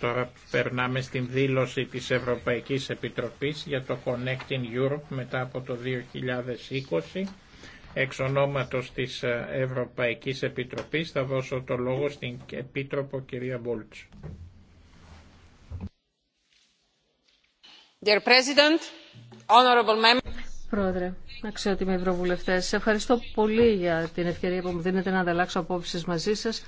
Τώρα περνάμε στην δήλωση της Ευρωπαϊκής Επιτροπής για το Connecting Europe μετά από το 2020. Εξ ονόματος της Ευρωπαϊκής Επιτροπής θα δώσω το λόγο στην Επίτροπο κυρία Μπολτ. Πρόεδρε, αξιότιμοι ευρωβουλευτές, ευχαριστώ πολύ για την ευκαιρία που μου δίνετε να ανταλλάξω απόψεις μαζί σας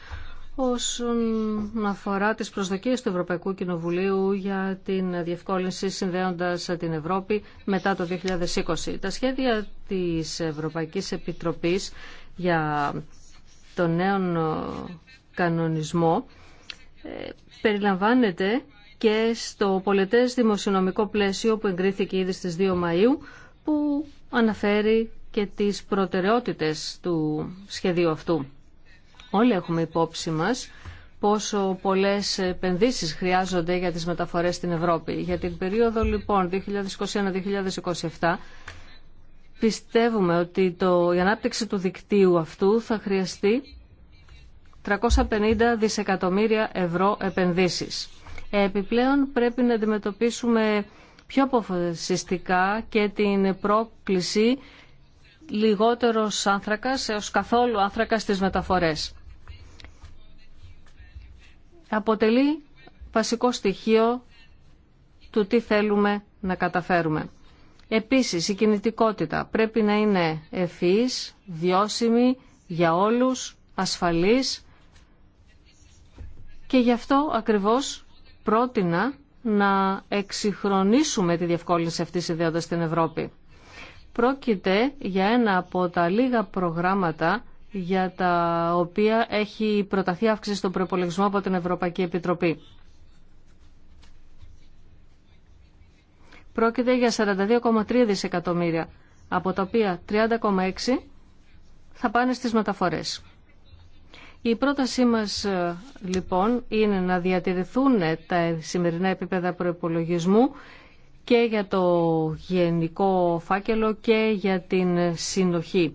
όσον αφορά τις προσδοκίες του Ευρωπαϊκού Κοινοβουλίου για την διευκόλυνση συνδέοντας την Ευρώπη μετά το 2020. Τα σχέδια της Ευρωπαϊκής Επιτροπής για τον νέο κανονισμό ε, περιλαμβάνεται και στο πολιτές δημοσιονομικό πλαίσιο που εγκρίθηκε ήδη στις 2 Μαΐου που αναφέρει και τις προτεραιότητες του σχεδίου αυτού. Όλοι έχουμε υπόψη μας πόσο πολλές επενδύσεις χρειάζονται για τις μεταφορές στην Ευρώπη. Για την περίοδο λοιπόν 2021-2027 πιστεύουμε ότι το, η ανάπτυξη του δικτύου αυτού θα χρειαστεί 350 δισεκατομμύρια ευρώ επενδύσεις. Επιπλέον πρέπει να αντιμετωπίσουμε πιο αποφασιστικά και την πρόκληση λιγότερος άνθρακας έως καθόλου άνθρακα στις μεταφορές αποτελεί βασικό στοιχείο του τι θέλουμε να καταφέρουμε. Επίσης, η κινητικότητα πρέπει να είναι ευφυής, βιώσιμη, για όλους, ασφαλής και γι' αυτό ακριβώς πρότεινα να εξυγχρονίσουμε τη διευκόλυνση αυτή ιδέα στην Ευρώπη. Πρόκειται για ένα από τα λίγα προγράμματα για τα οποία έχει προταθεί αύξηση στον προπολογισμό από την Ευρωπαϊκή Επιτροπή. Πρόκειται για 42,3 δισεκατομμύρια, από τα οποία 30,6 θα πάνε στις μεταφορές. Η πρότασή μας ε, λοιπόν είναι να διατηρηθούν τα σημερινά επίπεδα προπολογισμού και για το γενικό φάκελο και για την συνοχή.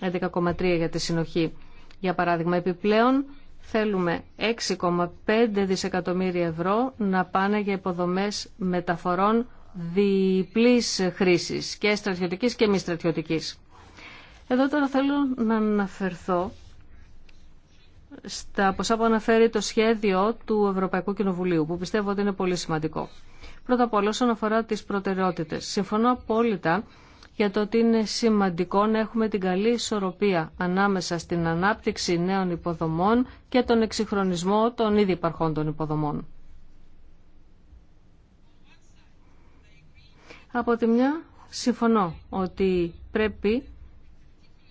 11,3 για τη συνοχή. Για παράδειγμα, επιπλέον θέλουμε 6,5 δισεκατομμύρια ευρώ να πάνε για υποδομές μεταφορών διπλής χρήσης και στρατιωτικής και μη στρατιωτικής. Εδώ τώρα θέλω να αναφερθώ στα ποσά που αναφέρει το σχέδιο του Ευρωπαϊκού Κοινοβουλίου, που πιστεύω ότι είναι πολύ σημαντικό. Πρώτα απ' όλα, όσον αφορά τις προτεραιότητες, συμφωνώ απόλυτα για το ότι είναι σημαντικό να έχουμε την καλή ισορροπία ανάμεσα στην ανάπτυξη νέων υποδομών και τον εξυγχρονισμό των ήδη υπαρχόντων υποδομών. Από τη μια, συμφωνώ ότι πρέπει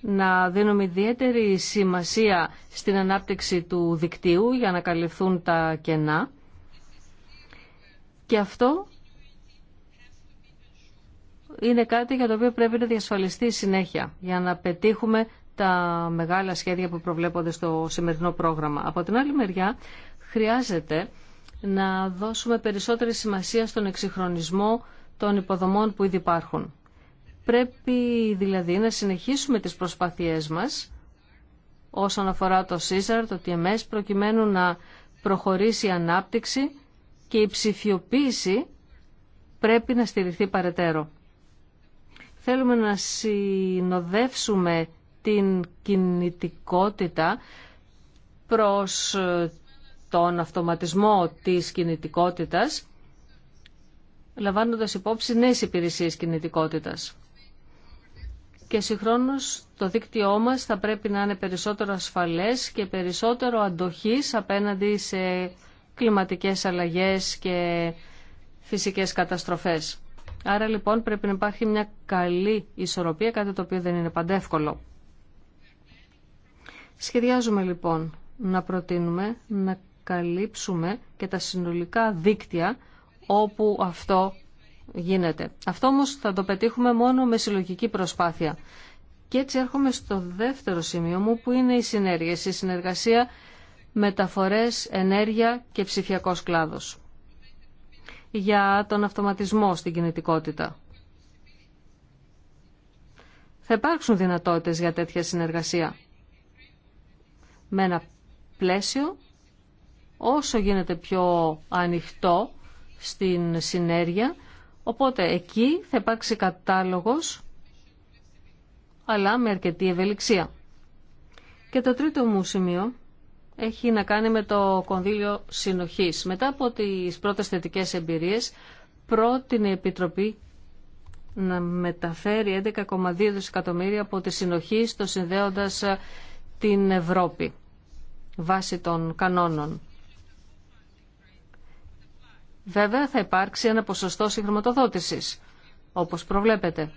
να δίνουμε ιδιαίτερη σημασία στην ανάπτυξη του δικτύου για να καλυφθούν τα κενά. Και αυτό είναι κάτι για το οποίο πρέπει να διασφαλιστεί συνέχεια για να πετύχουμε τα μεγάλα σχέδια που προβλέπονται στο σημερινό πρόγραμμα. Από την άλλη μεριά χρειάζεται να δώσουμε περισσότερη σημασία στον εξυγχρονισμό των υποδομών που ήδη υπάρχουν. Πρέπει δηλαδή να συνεχίσουμε τις προσπάθειές μας όσον αφορά το ΣΥΖΑΡ, το TMS, προκειμένου να προχωρήσει η ανάπτυξη και η ψηφιοποίηση πρέπει να στηριχθεί παρετέρω. Θέλουμε να συνοδεύσουμε την κινητικότητα προς ε, τον αυτοματισμό της κινητικότητας, λαμβάνοντας υπόψη νέες υπηρεσίες κινητικότητας. Και συγχρόνως το δίκτυό μας θα πρέπει να είναι περισσότερο ασφαλές και περισσότερο αντοχής απέναντι σε κλιματικές αλλαγές και φυσικές καταστροφές. Άρα λοιπόν πρέπει να υπάρχει μια καλή ισορροπία, κάτι το οποίο δεν είναι παντεύκολο. Σχεδιάζουμε λοιπόν να προτείνουμε να καλύψουμε και τα συνολικά δίκτυα όπου αυτό γίνεται. Αυτό όμως θα το πετύχουμε μόνο με συλλογική προσπάθεια. Και έτσι έρχομαι στο δεύτερο σημείο μου που είναι η συνέργεια, η συνεργασία μεταφορές, ενέργεια και ψηφιακός κλάδος για τον αυτοματισμό στην κινητικότητα. Θα υπάρξουν δυνατότητες για τέτοια συνεργασία με ένα πλαίσιο όσο γίνεται πιο ανοιχτό στην συνέργεια, οπότε εκεί θα υπάρξει κατάλογος αλλά με αρκετή ευελιξία. Και το τρίτο μου σημείο έχει να κάνει με το κονδύλιο συνοχής. Μετά από τις πρώτες θετικές εμπειρίες, πρότεινε η Επιτροπή να μεταφέρει 11,2 δισεκατομμύρια από τη συνοχή στο συνδέοντας ε, την Ευρώπη βάσει των κανόνων. Βέβαια θα υπάρξει ένα ποσοστό συγχρηματοδότησης, όπως προβλέπετε.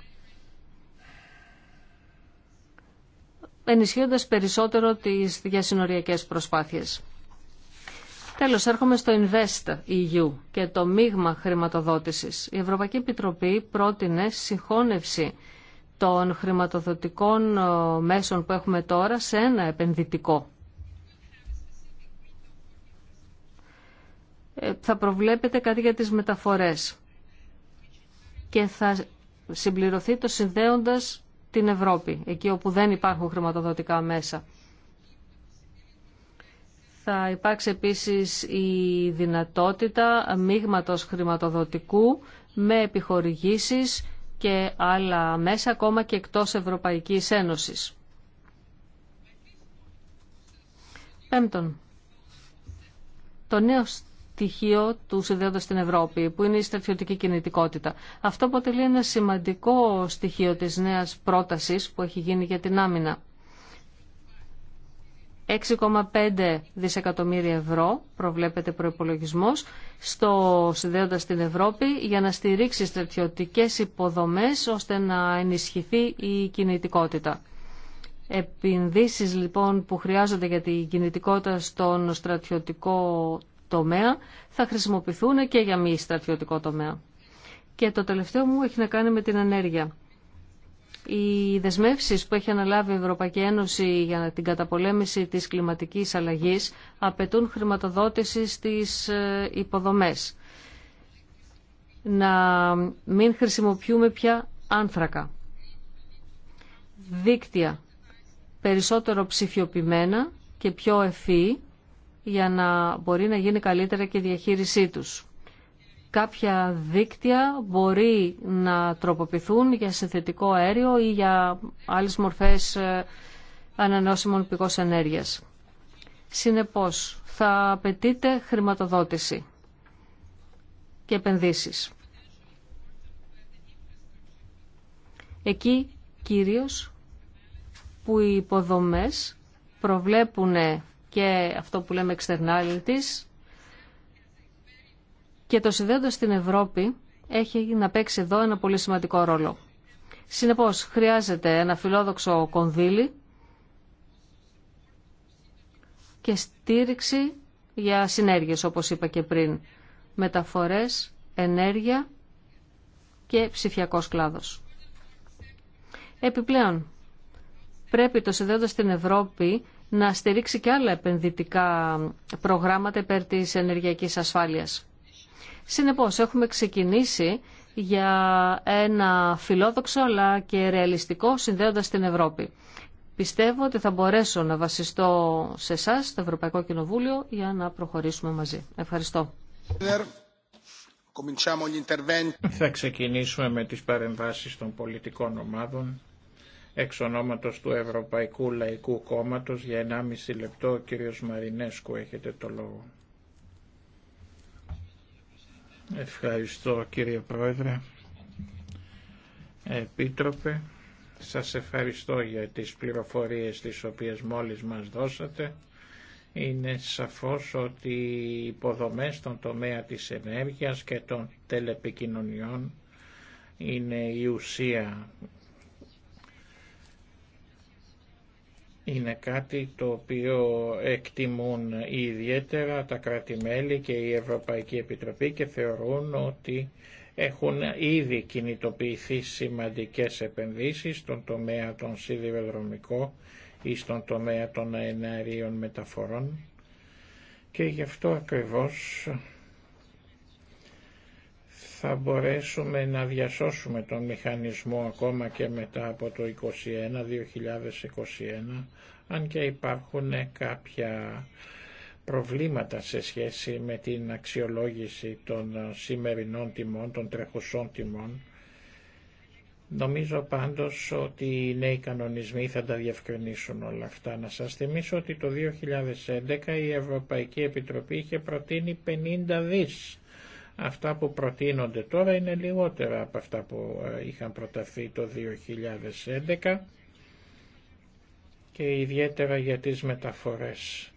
ενισχύοντας περισσότερο τις διασυνοριακές προσπάθειες. Τέλος, έρχομαι στο Invest EU και το μείγμα χρηματοδότησης. Η Ευρωπαϊκή Επιτροπή πρότεινε συγχώνευση των χρηματοδοτικών ε, μέσων που έχουμε τώρα σε ένα επενδυτικό. Ε, θα προβλέπετε κάτι για τις μεταφορές και θα συμπληρωθεί το συνδέοντας την Ευρώπη, εκεί όπου δεν υπάρχουν χρηματοδοτικά μέσα. Θα υπάρξει επίσης η δυνατότητα μίγματος χρηματοδοτικού με επιχορηγήσεις και άλλα μέσα ακόμα και εκτός Ευρωπαϊκής Ένωσης. Πέμπτον, το νέο στοιχείο του συνδέοντας στην Ευρώπη, που είναι η στρατιωτική κινητικότητα. Αυτό αποτελεί ένα σημαντικό στοιχείο της νέας πρότασης που έχει γίνει για την άμυνα. 6,5 δισεκατομμύρια ευρώ προβλέπεται προϋπολογισμός στο συνδέοντα στην Ευρώπη για να στηρίξει στρατιωτικές υποδομές ώστε να ενισχυθεί η κινητικότητα. Επινδύσεις λοιπόν που χρειάζονται για την κινητικότητα στον στρατιωτικό τομέα θα χρησιμοποιηθούν και για μη στρατιωτικό τομέα. Και το τελευταίο μου έχει να κάνει με την ενέργεια. Οι δεσμεύσει που έχει αναλάβει η Ευρωπαϊκή Ένωση για την καταπολέμηση της κλιματικής αλλαγής απαιτούν χρηματοδότηση στις ε, υποδομές. Να μην χρησιμοποιούμε πια άνθρακα. Δίκτυα περισσότερο ψηφιοποιημένα και πιο ευφύ για να μπορεί να γίνει καλύτερα και η διαχείρισή τους. Κάποια δίκτυα μπορεί να τροποποιηθούν για συνθετικό αέριο ή για άλλες μορφές ε, ανανεώσιμων πηγών ενέργειας. Συνεπώς, θα απαιτείται χρηματοδότηση και επενδύσεις. Εκεί κυρίως που οι υποδομές προβλέπουν και αυτό που λέμε externalities. Και το συνδέοντας στην Ευρώπη έχει να παίξει εδώ ένα πολύ σημαντικό ρόλο. Συνεπώς, χρειάζεται ένα φιλόδοξο κονδύλι και στήριξη για συνέργειες, όπως είπα και πριν. Μεταφορές, ενέργεια και ψηφιακός κλάδος. Επιπλέον, πρέπει το συνδέοντας στην Ευρώπη να στηρίξει και άλλα επενδυτικά προγράμματα υπέρ της ενεργειακής ασφάλειας. Συνεπώς, έχουμε ξεκινήσει για ένα φιλόδοξο αλλά και ρεαλιστικό συνδέοντας την Ευρώπη. Πιστεύω ότι θα μπορέσω να βασιστώ σε εσά, στο Ευρωπαϊκό Κοινοβούλιο, για να προχωρήσουμε μαζί. Ευχαριστώ. Θα ξεκινήσουμε με τις παρεμβάσεις των πολιτικών ομάδων. Εξ ονόματος του Ευρωπαϊκού Λαϊκού Κόμματος για 1,5 λεπτό ο κύριος Μαρινέσκου έχετε το λόγο. Ευχαριστώ κύριε Πρόεδρε. Επίτροπε, σας ευχαριστώ για τις πληροφορίες τις οποίες μόλις μας δώσατε. Είναι σαφώς ότι οι υποδομές στον τομέα της ενέργειας και των τελεπικοινωνιών είναι η ουσία είναι κάτι το οποίο εκτιμούν ιδιαίτερα τα κράτη-μέλη και η Ευρωπαϊκή Επιτροπή και θεωρούν ότι έχουν ήδη κινητοποιηθεί σημαντικές επενδύσεις στον τομέα των σιδηροδρομικών ή στον τομέα των αεναρίων μεταφορών και γι' αυτό ακριβώς θα μπορέσουμε να διασώσουμε τον μηχανισμό ακόμα και μετά από το 2021, 2021 αν και υπάρχουν κάποια προβλήματα σε σχέση με την αξιολόγηση των σημερινών τιμών, των τρεχουσών τιμών. Νομίζω πάντως ότι οι νέοι κανονισμοί θα τα διευκρινίσουν όλα αυτά. Να σας θυμίσω ότι το 2011 η Ευρωπαϊκή Επιτροπή είχε προτείνει 50 δις Αυτά που προτείνονται τώρα είναι λιγότερα από αυτά που ε, είχαν προταθεί το 2011 και ιδιαίτερα για τις μεταφορές.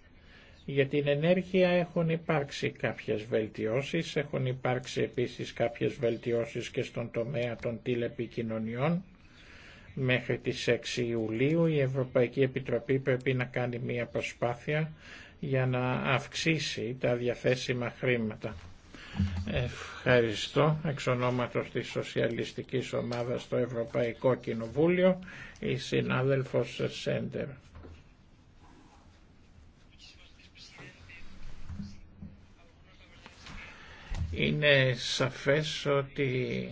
Για την ενέργεια έχουν υπάρξει κάποιες βελτιώσεις, έχουν υπάρξει επίσης κάποιες βελτιώσεις και στον τομέα των τηλεπικοινωνιών. Μέχρι τις 6 Ιουλίου η Ευρωπαϊκή Επιτροπή πρέπει να κάνει μία προσπάθεια για να αυξήσει τα διαθέσιμα χρήματα. Ευχαριστώ εξ ονόματος της Σοσιαλιστικής Ομάδας στο Ευρωπαϊκό Κοινοβούλιο η συνάδελφος Σέντερ. Είναι σαφές ότι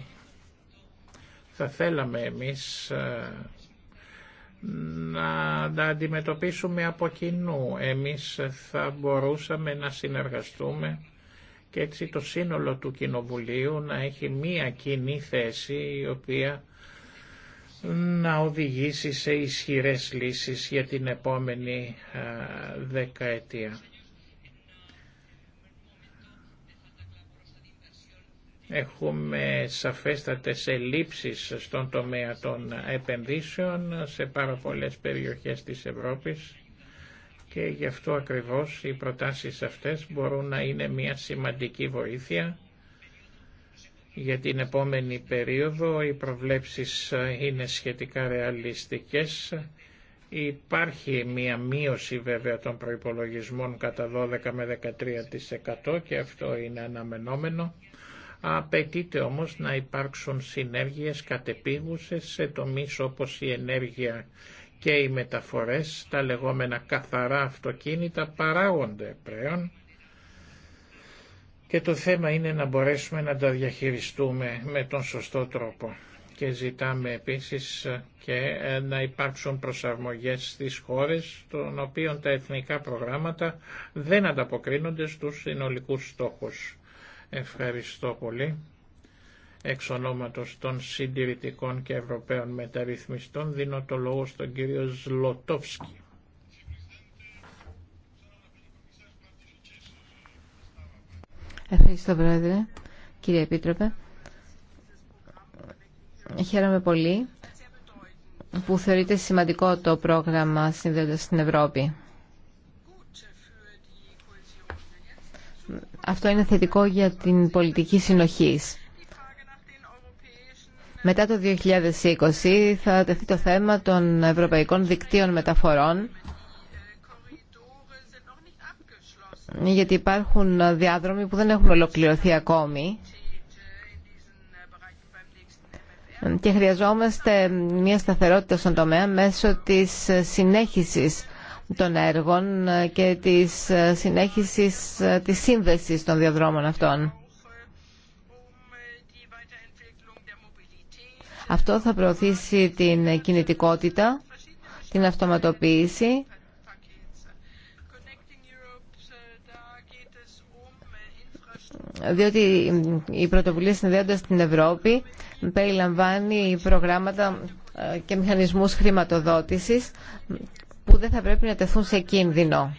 θα θέλαμε εμείς ε, να τα αντιμετωπίσουμε από κοινού. Εμείς θα μπορούσαμε να συνεργαστούμε και έτσι το σύνολο του Κοινοβουλίου να έχει μία κοινή θέση η οποία να οδηγήσει σε ισχυρές λύσεις για την επόμενη δεκαετία. Έχουμε σαφέστατες ελλείψεις στον τομέα των επενδύσεων σε πάρα πολλές περιοχές της Ευρώπης και γι' αυτό ακριβώς οι προτάσεις αυτές μπορούν να είναι μια σημαντική βοήθεια για την επόμενη περίοδο. Οι προβλέψεις είναι σχετικά ρεαλιστικές. Υπάρχει μια μείωση βέβαια των προϋπολογισμών κατά 12 με 13% και αυτό είναι αναμενόμενο. Απαιτείται όμως να υπάρξουν συνέργειες κατεπίγουσες σε τομείς όπως η ενέργεια και οι μεταφορές, τα λεγόμενα καθαρά αυτοκίνητα παράγονται πλέον και το θέμα είναι να μπορέσουμε να τα διαχειριστούμε με τον σωστό τρόπο. Και ζητάμε επίσης και ε, να υπάρξουν προσαρμογές στις χώρες των οποίων τα εθνικά προγράμματα δεν ανταποκρίνονται στους συνολικούς στόχους. Ευχαριστώ πολύ εξ ονόματος των συντηρητικών και ευρωπαίων μεταρρυθμιστών δίνω το λόγο στον κύριο Ζλοτόφσκι. Ευχαριστώ Πρόεδρε, κύριε Επίτροπε. Χαίρομαι πολύ που θεωρείται σημαντικό το πρόγραμμα Συνδέοντας στην Ευρώπη. Αυτό είναι θετικό για την πολιτική συνοχής. Μετά το 2020 θα τεθεί το θέμα των ευρωπαϊκών δικτύων μεταφορών γιατί υπάρχουν διάδρομοι που δεν έχουν ολοκληρωθεί ακόμη και χρειαζόμαστε μια σταθερότητα στον τομέα μέσω της συνέχισης των έργων και της συνέχισης της σύνδεσης των διαδρόμων αυτών. Αυτό θα προωθήσει την κινητικότητα, την αυτοματοποίηση διότι η πρωτοβουλία συνδέοντα την Ευρώπη περιλαμβάνει προγράμματα ε, και μηχανισμούς χρηματοδότησης που δεν θα πρέπει να τεθούν σε κίνδυνο.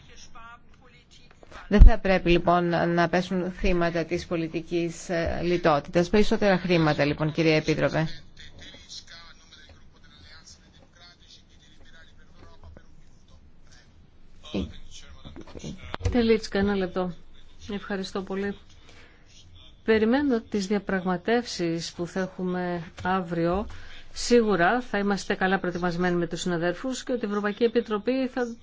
Δεν θα πρέπει λοιπόν να πέσουν θύματα της πολιτικής ε, λιτότητας. Περισσότερα χρήματα λοιπόν κύριε Επίτροπε. Τελίτσκα, ένα λεπτό. Ευχαριστώ πολύ. Περιμένω τις διαπραγματεύσεις που θα έχουμε αύριο. Σίγουρα θα είμαστε καλά προετοιμασμένοι με τους συναδέρφους και ότι η Ευρωπαϊκή Επιτροπή θα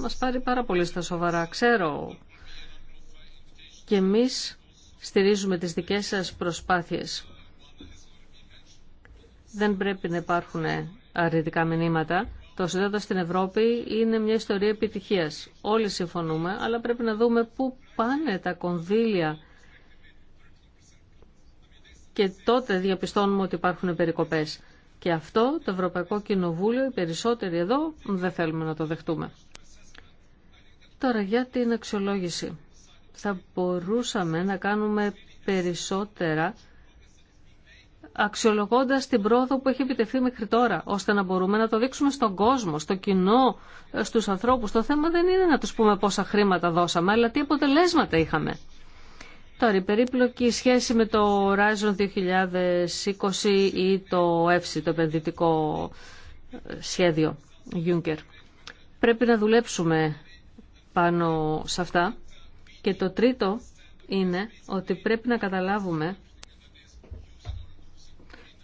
μας πάρει πάρα πολύ στα σοβαρά. Ξέρω και εμείς στηρίζουμε τις δικές σας προσπάθειες. Δεν πρέπει να υπάρχουν αρνητικά μηνύματα το συνδέοντα στην Ευρώπη είναι μια ιστορία επιτυχίας. Όλοι συμφωνούμε, αλλά πρέπει να δούμε πού πάνε τα κονδύλια και τότε διαπιστώνουμε ότι υπάρχουν περικοπέ. Και αυτό το Ευρωπαϊκό Κοινοβούλιο, οι περισσότεροι εδώ, δεν θέλουμε να το δεχτούμε. Τώρα για την αξιολόγηση. Θα μπορούσαμε να κάνουμε περισσότερα αξιολογώντας την πρόοδο που έχει επιτευχθεί μέχρι τώρα, ώστε να μπορούμε να το δείξουμε στον κόσμο, στο κοινό, στους ανθρώπους. Το θέμα δεν είναι να του πούμε πόσα χρήματα δώσαμε, αλλά τι αποτελέσματα είχαμε. Τώρα, η περίπλοκη σχέση με το Horizon 2020 ή το EFSI, το επενδυτικό ε, σχέδιο Juncker. Πρέπει να δουλέψουμε πάνω σε αυτά. Και το τρίτο είναι ότι πρέπει να καταλάβουμε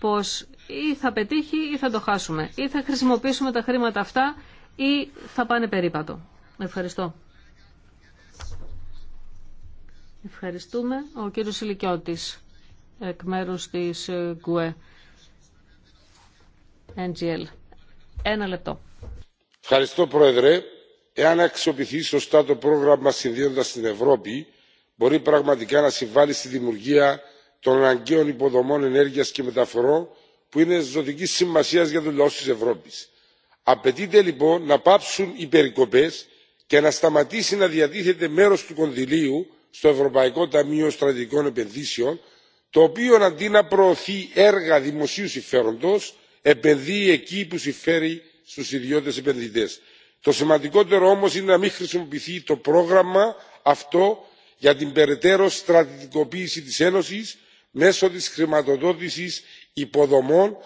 πως ή θα πετύχει ή θα το χάσουμε. Ή θα χρησιμοποιήσουμε τα χρήματα αυτά ή θα πάνε περίπατο. Ευχαριστώ. Ευχαριστούμε. Ο κύριος Ηλικιώτης, εκ μέρους της ε, ΚΟΕ, NGL. Ένα λεπτό. Ευχαριστώ, Πρόεδρε. Εάν αξιοποιηθεί σωστά το πρόγραμμα συνδύοντας την Ευρώπη, μπορεί πραγματικά να συμβάλλει στη δημιουργία των αναγκαίων υποδομών ενέργεια και μεταφορών που είναι ζωτική σημασία για του λαού τη ευρώπη. απαιτείται λοιπόν να πάψουν οι περικοπέ και να σταματήσει να διατίθεται μέρο του κονδυλίου στο ευρωπαϊκό ταμείο στρατηγικών επενδύσεων το οποίο αντί να προωθεί έργα δημοσίου συμφέροντο, επενδύει εκεί που συμφέρει στου ιδιώτες επενδυτέ. Το σημαντικότερο όμω είναι να μην χρησιμοποιηθεί το πρόγραμμα αυτό για την περαιτέρω στρατηγικοποίηση της Ένωσης μέσω της χρηματοδότησης υποδομών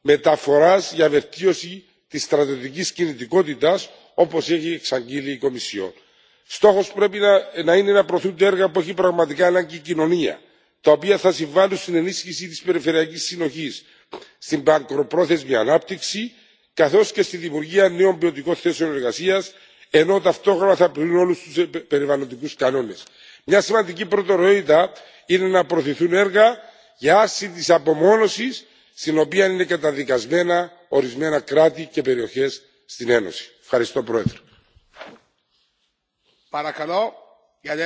μεταφοράς για βελτίωση της στρατιωτικής κινητικότητας όπως έχει εξαγγείλει η κομισιόν. στόχος πρέπει να είναι να προωθούνται έργα που έχει πραγματικά ανάγκη η κοινωνία τα οποία θα συμβάλλουν στην ενίσχυση της περιφερειακής συνοχής στην μακροπρόθεσμη ανάπτυξη καθώς και στη δημιουργία νέων ποιοτικών θέσεων εργασίας ενώ ταυτόχρονα θα πληρούν όλους τους περιβαλλοντικούς κανόνες μια σημαντική προτεραιότητα είναι να προωθηθούν έργα για άρση της απομόνωσης στην οποία είναι καταδικασμένα ορισμένα κράτη και περιοχές στην ένωση. ευχαριστώ πρόεδρε. Παρακαλώ. για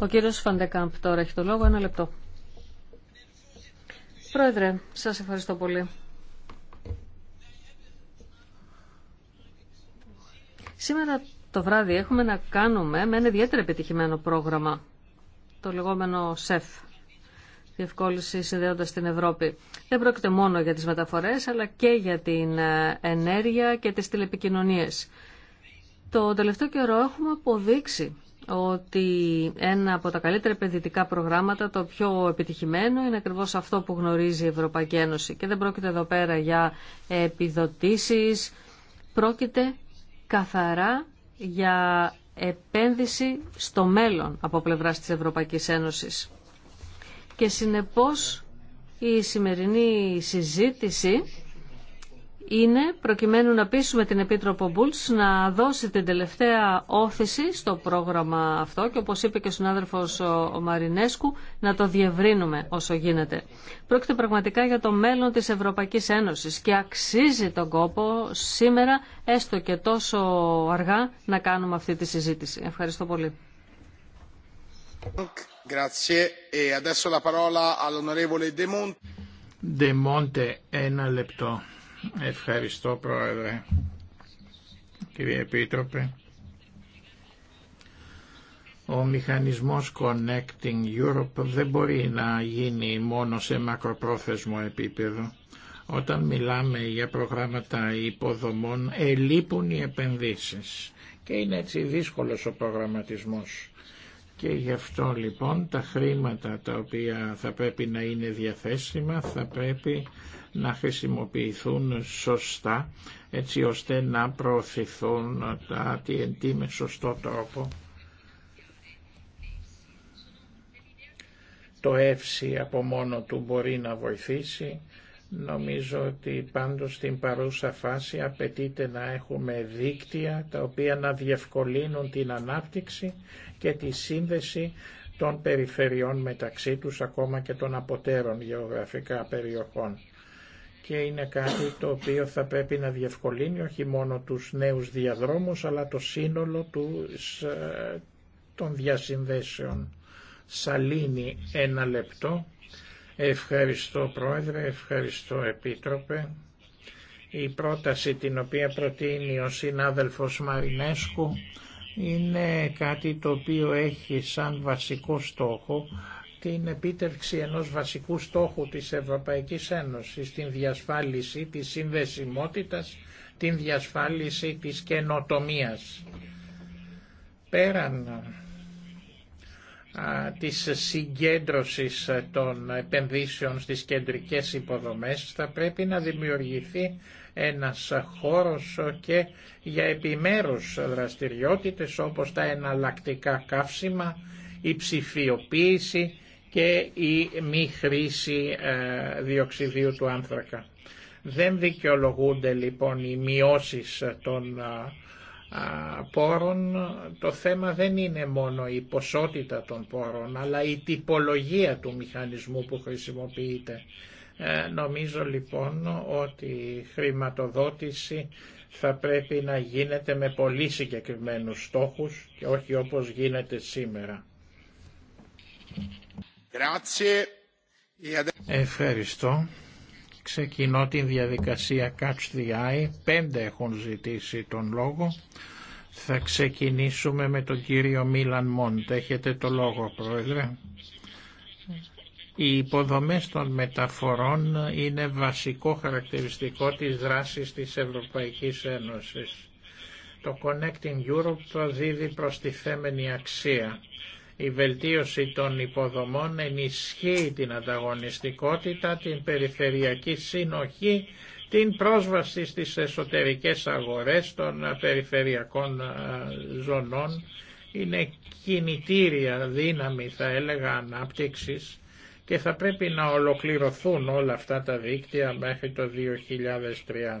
Ο κύριος Φαντεκάμπ τώρα έχει το λόγο. Ένα λεπτό. Πρόεδρε, σας ευχαριστώ πολύ. Σήμερα το βράδυ έχουμε να κάνουμε με ένα ιδιαίτερα επιτυχημένο πρόγραμμα, το λεγόμενο ΣΕΦ, Διευκόλυνση Συνδέοντα την Ευρώπη. Δεν πρόκειται μόνο για τις μεταφορές αλλά και για την ε, ενέργεια και τις τηλεπικοινωνίες. Το τελευταίο καιρό έχουμε αποδείξει ότι ένα από τα καλύτερα επενδυτικά προγράμματα, το πιο επιτυχημένο, είναι ακριβώς αυτό που γνωρίζει η Ευρωπαϊκή Ένωση. Και δεν πρόκειται εδώ πέρα για επιδοτήσεις, πρόκειται καθαρά για επένδυση στο μέλλον από πλευράς της Ευρωπαϊκής Ένωσης. Και συνεπώς η σημερινή συζήτηση είναι προκειμένου να πείσουμε την Επίτροπο Μπούλτς να δώσει την τελευταία όθηση στο πρόγραμμα αυτό και όπως είπε και ο συνάδελφος ο Μαρινέσκου να το διευρύνουμε όσο γίνεται. Πρόκειται πραγματικά για το μέλλον της Ευρωπαϊκής Ένωσης και αξίζει τον κόπο σήμερα έστω και τόσο αργά να κάνουμε αυτή τη συζήτηση. Ευχαριστώ πολύ. Ευχαριστώ Πρόεδρε. Κύριε Επίτροπε, ο μηχανισμός Connecting Europe δεν μπορεί να γίνει μόνο σε μακροπρόθεσμο επίπεδο. Όταν μιλάμε για προγράμματα υποδομών, ελείπουν οι επενδύσεις και είναι έτσι δύσκολος ο προγραμματισμός. Και γι' αυτό λοιπόν τα χρήματα τα οποία θα πρέπει να είναι διαθέσιμα θα πρέπει να χρησιμοποιηθούν σωστά έτσι ώστε να προωθηθούν τα TNT με σωστό τρόπο. Το εύση από μόνο του μπορεί να βοηθήσει. Νομίζω ότι πάντως στην παρούσα φάση απαιτείται να έχουμε δίκτυα τα οποία να διευκολύνουν την ανάπτυξη και τη σύνδεση των περιφερειών μεταξύ τους ακόμα και των αποτέρων γεωγραφικά περιοχών και είναι κάτι το οποίο θα πρέπει να διευκολύνει όχι μόνο τους νέους διαδρόμους αλλά το σύνολο του, ε, των διασυνδέσεων. Σαλίνη ένα λεπτό. Ευχαριστώ Πρόεδρε, ευχαριστώ Επίτροπε. Η πρόταση την οποία προτείνει ο συνάδελφος Μαρινέσκου είναι κάτι το οποίο έχει σαν βασικό στόχο την επίτευξη ενός βασικού στόχου της Ευρωπαϊκής Ένωσης, την διασφάλιση της συνδεσιμότητας, την διασφάλιση της καινοτομίας. Πέραν α, της συγκέντρωσης των επενδύσεων στις κεντρικές υποδομές θα πρέπει να δημιουργηθεί ένας χώρος και για επιμέρους δραστηριότητες όπως τα εναλλακτικά καύσιμα, η ψηφιοποίηση, και η μη χρήση ε, διοξιδίου του άνθρακα. Δεν δικαιολογούνται λοιπόν οι μειώσεις των ε, πόρων. Το θέμα δεν είναι μόνο η ποσότητα των πόρων, αλλά η τυπολογία του μηχανισμού που χρησιμοποιείται. Ε, νομίζω λοιπόν ότι η χρηματοδότηση θα πρέπει να γίνεται με πολύ συγκεκριμένους στόχους και όχι όπως γίνεται σήμερα. E Ευχαριστώ. Ξεκινώ την διαδικασία Catch the Eye. Πέντε έχουν ζητήσει τον λόγο. Θα ξεκινήσουμε με τον κύριο Μίλαν Μόντ. Έχετε το λόγο, Πρόεδρε. Οι υποδομές των μεταφορών είναι βασικό χαρακτηριστικό της δράσης της Ευρωπαϊκής Ένωσης. Το Connecting Europe το δίδει θέμενη αξία η βελτίωση των υποδομών ενισχύει την ανταγωνιστικότητα, την περιφερειακή συνοχή, την πρόσβαση στις εσωτερικές αγορές των περιφερειακών ε, ζωνών. Είναι κινητήρια δύναμη θα έλεγα ανάπτυξης και θα πρέπει να ολοκληρωθούν όλα αυτά τα δίκτυα μέχρι το 2030.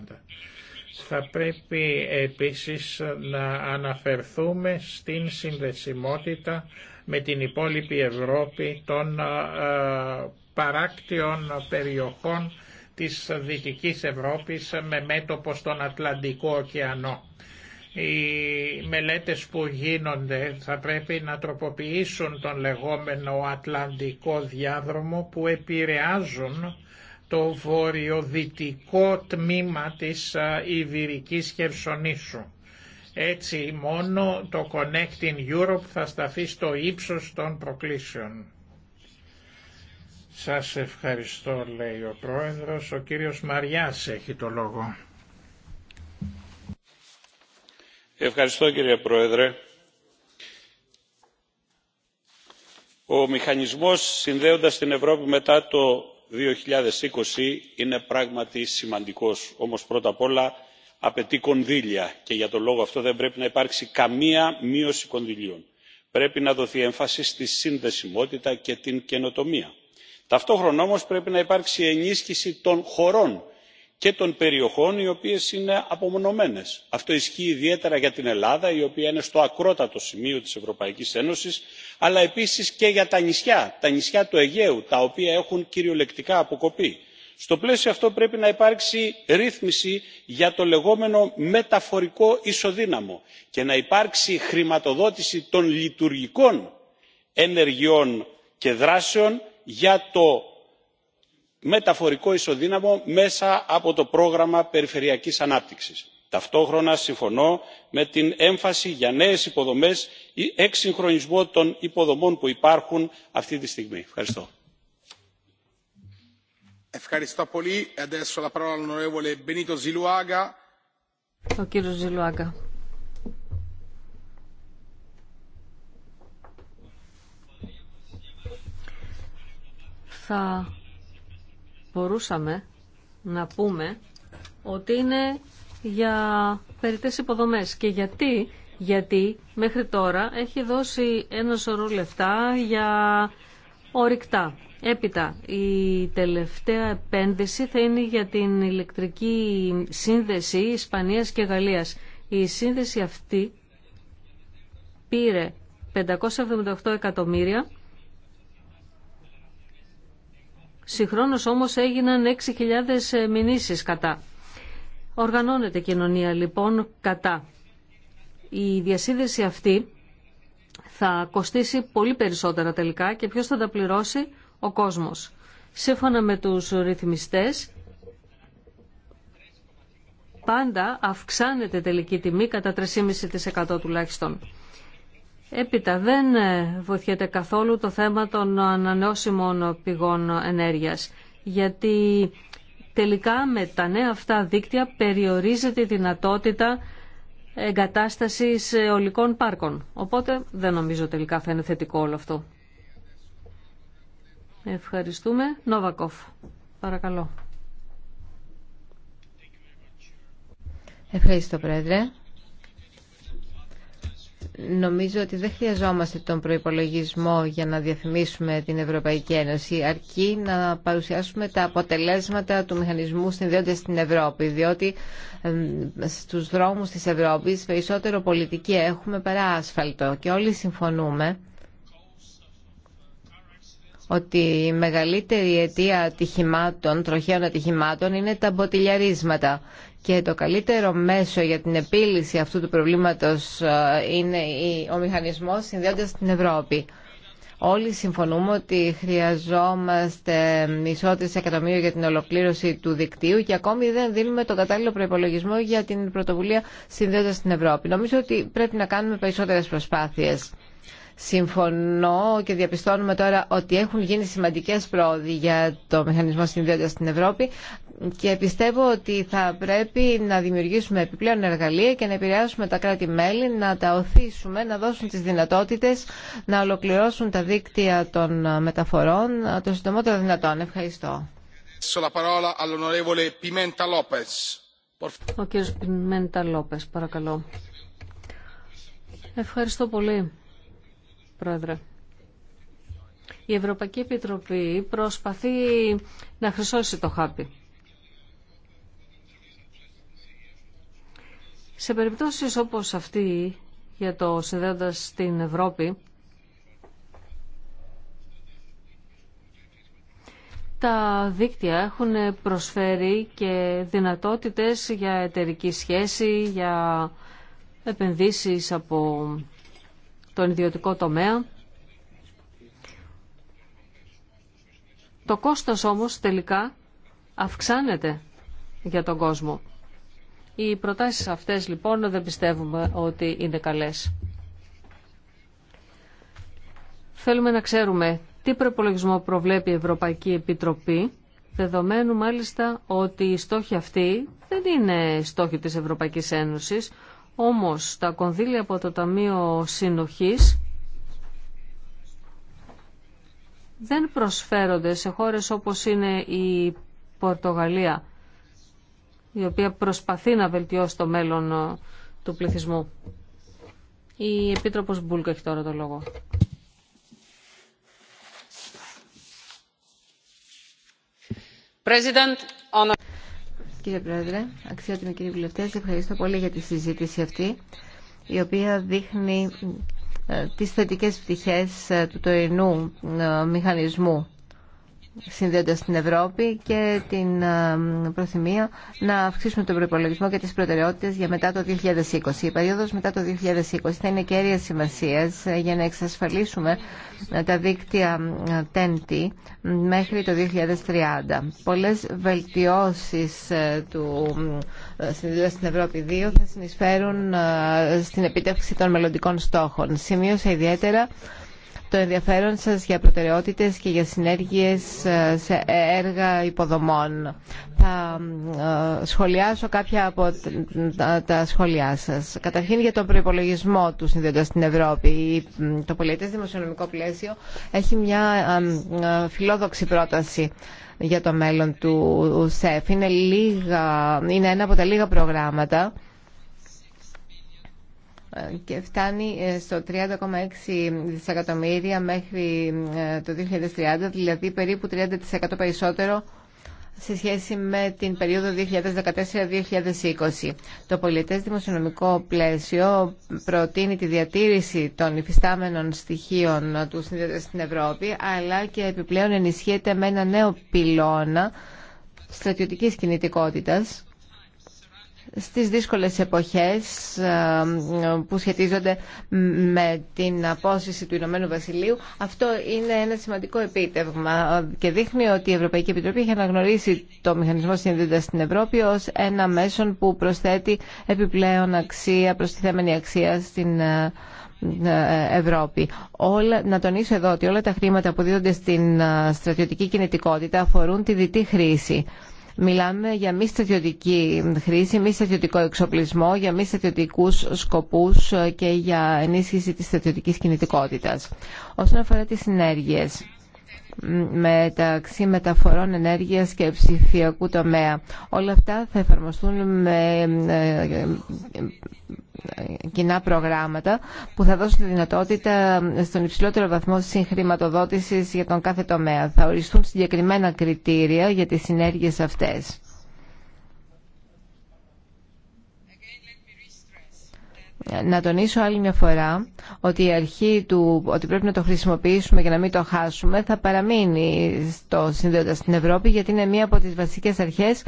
Θα πρέπει επίσης να αναφερθούμε στην συνδεσιμότητα με την υπόλοιπη Ευρώπη των ε, παράκτιων περιοχών της Δυτικής Ευρώπης με μέτωπο στον Ατλαντικό ωκεανό. Οι μελέτες που γίνονται θα πρέπει να τροποποιήσουν τον λεγόμενο Ατλαντικό διάδρομο που επηρεάζουν το βορειοδυτικό τμήμα της ε, Ιβυρικής Χερσονήσου έτσι μόνο το Connecting Europe θα σταθεί στο ύψος των προκλήσεων. Σας ευχαριστώ λέει ο Πρόεδρος. Ο κύριος Μαριάς έχει το λόγο. Ευχαριστώ κύριε Πρόεδρε. Ο μηχανισμός συνδέοντας την Ευρώπη μετά το 2020 είναι πράγματι σημαντικός. Όμως πρώτα απ' όλα απαιτεί κονδύλια και για τον λόγο αυτό δεν πρέπει να υπάρξει καμία μείωση κονδυλίων. πρέπει να δοθεί έμφαση στη συνδεσιμότητα και την καινοτομία. ταυτόχρονα όμως πρέπει να υπάρξει ενίσχυση των χωρών και των περιοχών οι οποίες είναι απομονωμένες. αυτό ισχύει ιδιαίτερα για την ελλάδα η οποία είναι στο ακρότατο σημείο της ευρωπαϊκής ένωσης αλλά επίσης και για τα νησιά τα νησιά του αιγαίου τα οποία έχουν κυριολεκτικά αποκοπεί στο πλαίσιο αυτό πρέπει να υπάρξει ρύθμιση για το λεγόμενο μεταφορικό ισοδύναμο και να υπάρξει χρηματοδότηση των λειτουργικών ενεργειών και δράσεων για το μεταφορικό ισοδύναμο μέσα από το πρόγραμμα περιφερειακής ανάπτυξης. ταυτόχρονα συμφωνώ με την έμφαση για νέες υποδομές ή εξυγχρονισμό των υποδομών που υπάρχουν αυτή τη στιγμή. ευχαριστώ. Ευχαριστώ πολύ. Ο κύριος Ζιλουάγκα. Θα μπορούσαμε να πούμε ότι είναι για περιττές υποδομές. Και γιατί, γιατί μέχρι τώρα έχει δώσει ένα σωρό λεφτά για ορυκτά. Έπειτα, η τελευταία επένδυση θα είναι για την ηλεκτρική σύνδεση Ισπανίας και Γαλλίας. Η σύνδεση αυτή πήρε 578 εκατομμύρια. Συγχρόνως όμως έγιναν 6.000 ε, μηνύσεις κατά. Οργανώνεται κοινωνία λοιπόν κατά. Η διασύνδεση αυτή θα κοστίσει πολύ περισσότερα τελικά και ποιος θα τα πληρώσει ο κόσμος. Σύμφωνα με τους ρυθμιστές, πάντα αυξάνεται τελική τιμή κατά 3,5% τουλάχιστον. Έπειτα δεν ε, βοηθιέται καθόλου το θέμα των ανανεώσιμων πηγών ενέργειας, γιατί τελικά με τα νέα αυτά δίκτυα περιορίζεται η δυνατότητα εγκατάστασης ολικών πάρκων. Οπότε δεν νομίζω τελικά θα είναι θετικό όλο αυτό. Ευχαριστούμε. Νόβακοφ. Παρακαλώ. Ευχαριστώ, Πρόεδρε. Νομίζω ότι δεν χρειαζόμαστε τον προϋπολογισμό για να διαφημίσουμε την Ευρωπαϊκή Ένωση, αρκεί να παρουσιάσουμε τα αποτελέσματα του μηχανισμού συνδέοντας στην Ευρώπη, διότι στους δρόμους της Ευρώπης περισσότερο πολιτική έχουμε παρά άσφαλτο και όλοι συμφωνούμε ότι η μεγαλύτερη αιτία ατυχημάτων, τροχαίων ατυχημάτων είναι τα μποτιλιαρίσματα και το καλύτερο μέσο για την επίλυση αυτού του προβλήματος ε, είναι ο μηχανισμός συνδέοντας την Ευρώπη. Όλοι συμφωνούμε ότι χρειαζόμαστε μισό εκατομμύριο για την ολοκλήρωση του δικτύου και ακόμη δεν δίνουμε τον κατάλληλο προπολογισμό για την πρωτοβουλία συνδέοντας την Ευρώπη. Νομίζω ότι πρέπει να κάνουμε περισσότερε προσπάθειε. Συμφωνώ και διαπιστώνουμε τώρα ότι έχουν γίνει σημαντικές πρόοδοι για το μηχανισμό συνδέοντας στην Ευρώπη και πιστεύω ότι θα πρέπει να δημιουργήσουμε επιπλέον εργαλεία και να επηρεάσουμε τα κράτη-μέλη, να τα οθήσουμε, να δώσουν τις δυνατότητες να ολοκληρώσουν τα δίκτυα των μεταφορών το συντομότερο δυνατόν. Ευχαριστώ. Ο κύριος Πιμέντα Λόπες, παρακαλώ. Ευχαριστώ πολύ. Πρόεδρε. Η Ευρωπαϊκή Επιτροπή προσπαθεί να χρυσώσει το χάπι. Σε περιπτώσεις όπως αυτή για το συνδέοντας στην Ευρώπη, τα δίκτυα έχουν προσφέρει και δυνατότητες για εταιρική σχέση, για επενδύσεις από τον ιδιωτικό τομέα. Το κόστος όμως τελικά αυξάνεται για τον κόσμο. Οι προτάσεις αυτές λοιπόν δεν πιστεύουμε ότι είναι καλές. Θέλουμε να ξέρουμε τι προπολογισμό προβλέπει η Ευρωπαϊκή Επιτροπή, δεδομένου μάλιστα ότι οι στόχοι αυτοί δεν είναι στόχοι της Ευρωπαϊκής Ένωσης, όμως τα κονδύλια από το Ταμείο Συνοχής δεν προσφέρονται σε χώρες όπως είναι η Πορτογαλία, η οποία προσπαθεί να βελτιώσει το μέλλον ε, του πληθυσμού. Η Επίτροπος Μπούλκα έχει τώρα το λόγο. President, Κύριε Πρόεδρε, αξιότιμοι κύριοι βουλευτέ, ευχαριστώ πολύ για τη συζήτηση αυτή, η οποία δείχνει ε, τις θετικές πτυχές ε, του τωρινού ε, μηχανισμού συνδέοντα την Ευρώπη και την ε, προθυμία να αυξήσουμε τον προπολογισμό και τι προτεραιότητε για μετά το 2020. Η περίοδο μετά το 2020 θα είναι κέρια σημασία ε, για να εξασφαλίσουμε ε, τα δίκτυα μέχρι το 2030. Πολλέ βελτιώσει του συνδέοντα στην Ευρώπη 2 θα συνεισφέρουν στην επίτευξη των μελλοντικών στόχων. Σημείωσα ιδιαίτερα το ενδιαφέρον σας για προτεραιότητες και για συνέργειες ε, σε έργα υποδομών. Θα ε, σχολιάσω κάποια από τα σχόλιά σας. Καταρχήν για τον προϋπολογισμό του συνδέοντας στην Ευρώπη. Το πολιτές δημοσιονομικό πλαίσιο έχει μια ε, φιλόδοξη πρόταση για το μέλλον του ΣΕΦ. Είναι, λίγα, είναι ένα από τα λίγα προγράμματα και φτάνει ε, στο 30,6 δισεκατομμύρια μέχρι ε, το 2030, δηλαδή περίπου 30% περισσότερο σε σχέση με την περίοδο 2014-2020. Το πολιτές δημοσιονομικό πλαίσιο προτείνει τη διατήρηση των υφιστάμενων στοιχείων του στην Ευρώπη, αλλά και επιπλέον ενισχύεται με ένα νέο πυλώνα στρατιωτικής κινητικότητας, στις δύσκολες εποχές ε, που σχετίζονται με την απόσυση του Ηνωμένου Βασιλείου. Αυτό είναι ένα σημαντικό επίτευγμα και δείχνει ότι η Ευρωπαϊκή Επιτροπή έχει αναγνωρίσει το μηχανισμό συνδέοντας στην Ευρώπη ως ένα μέσον που προσθέτει επιπλέον αξία, προστιθέμενη αξία στην ε, ε, Ευρώπη. Όλα, να τονίσω εδώ ότι όλα τα χρήματα που δίδονται στην στρατιωτική κινητικότητα αφορούν τη δυτή χρήση. Μιλάμε για μη στρατιωτική χρήση, μη στρατιωτικό εξοπλισμό, για μη στρατιωτικού σκοπού ε, και για ενίσχυση τη στρατιωτική κινητικότητα. Όσον αφορά τι συνέργειες, μεταξύ μεταφορών ενέργειας και ψηφιακού τομέα. Όλα αυτά θα εφαρμοστούν με ε, κοινά προγράμματα που θα δώσουν τη δυνατότητα στον υψηλότερο βαθμό συγχρηματοδότησης για τον κάθε τομέα. Θα οριστούν συγκεκριμένα κριτήρια για τις συνέργειες αυτές. να τονίσω άλλη μια φορά ότι η αρχή του ότι πρέπει να το χρησιμοποιήσουμε και να μην το χάσουμε θα παραμείνει στο συνδέοντα στην Ευρώπη γιατί είναι μία από τις βασικές αρχές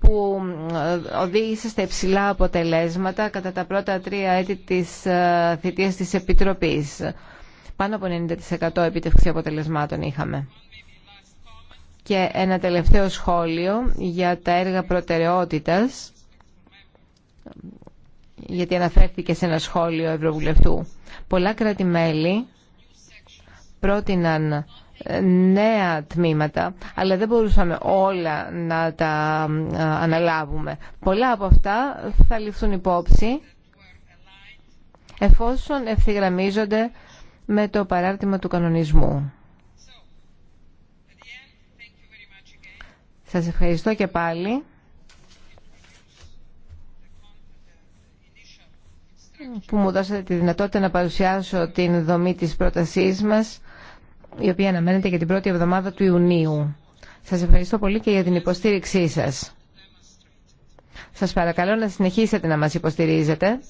που ε, οδήγησε στα υψηλά αποτελέσματα κατά τα πρώτα τρία έτη της ε, θητείας της Επιτροπής. Πάνω από 90% επιτευξη αποτελεσμάτων είχαμε. Και ένα τελευταίο σχόλιο για τα έργα προτεραιότητας γιατί αναφέρθηκε σε ένα σχόλιο Ευρωβουλευτού. Πολλά κράτη-μέλη πρότειναν ε, νέα τμήματα, αλλά δεν μπορούσαμε όλα να τα ε, αναλάβουμε. Πολλά από αυτά θα ληφθούν υπόψη εφόσον ευθυγραμμίζονται με το παράρτημα του κανονισμού. Σας ευχαριστώ και πάλι. που μου δώσατε τη δυνατότητα να παρουσιάσω την δομή της πρότασής μας, η οποία αναμένεται για την πρώτη εβδομάδα του Ιουνίου. Σας ευχαριστώ πολύ και για την υποστήριξή σας. Σας παρακαλώ να συνεχίσετε να μας υποστηρίζετε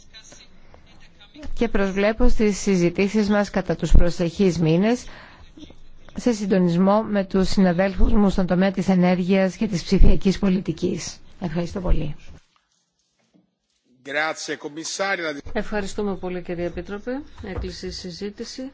και προσβλέπω στις συζητήσεις μας κατά τους προσεχείς μήνες σε συντονισμό με τους συναδέλφους μου στον τομέα της ενέργειας και της ψηφιακής πολιτικής. Ευχαριστώ πολύ. Ευχαριστούμε πολύ κύριε Επίτροπε. Έκλεισε η συζήτηση.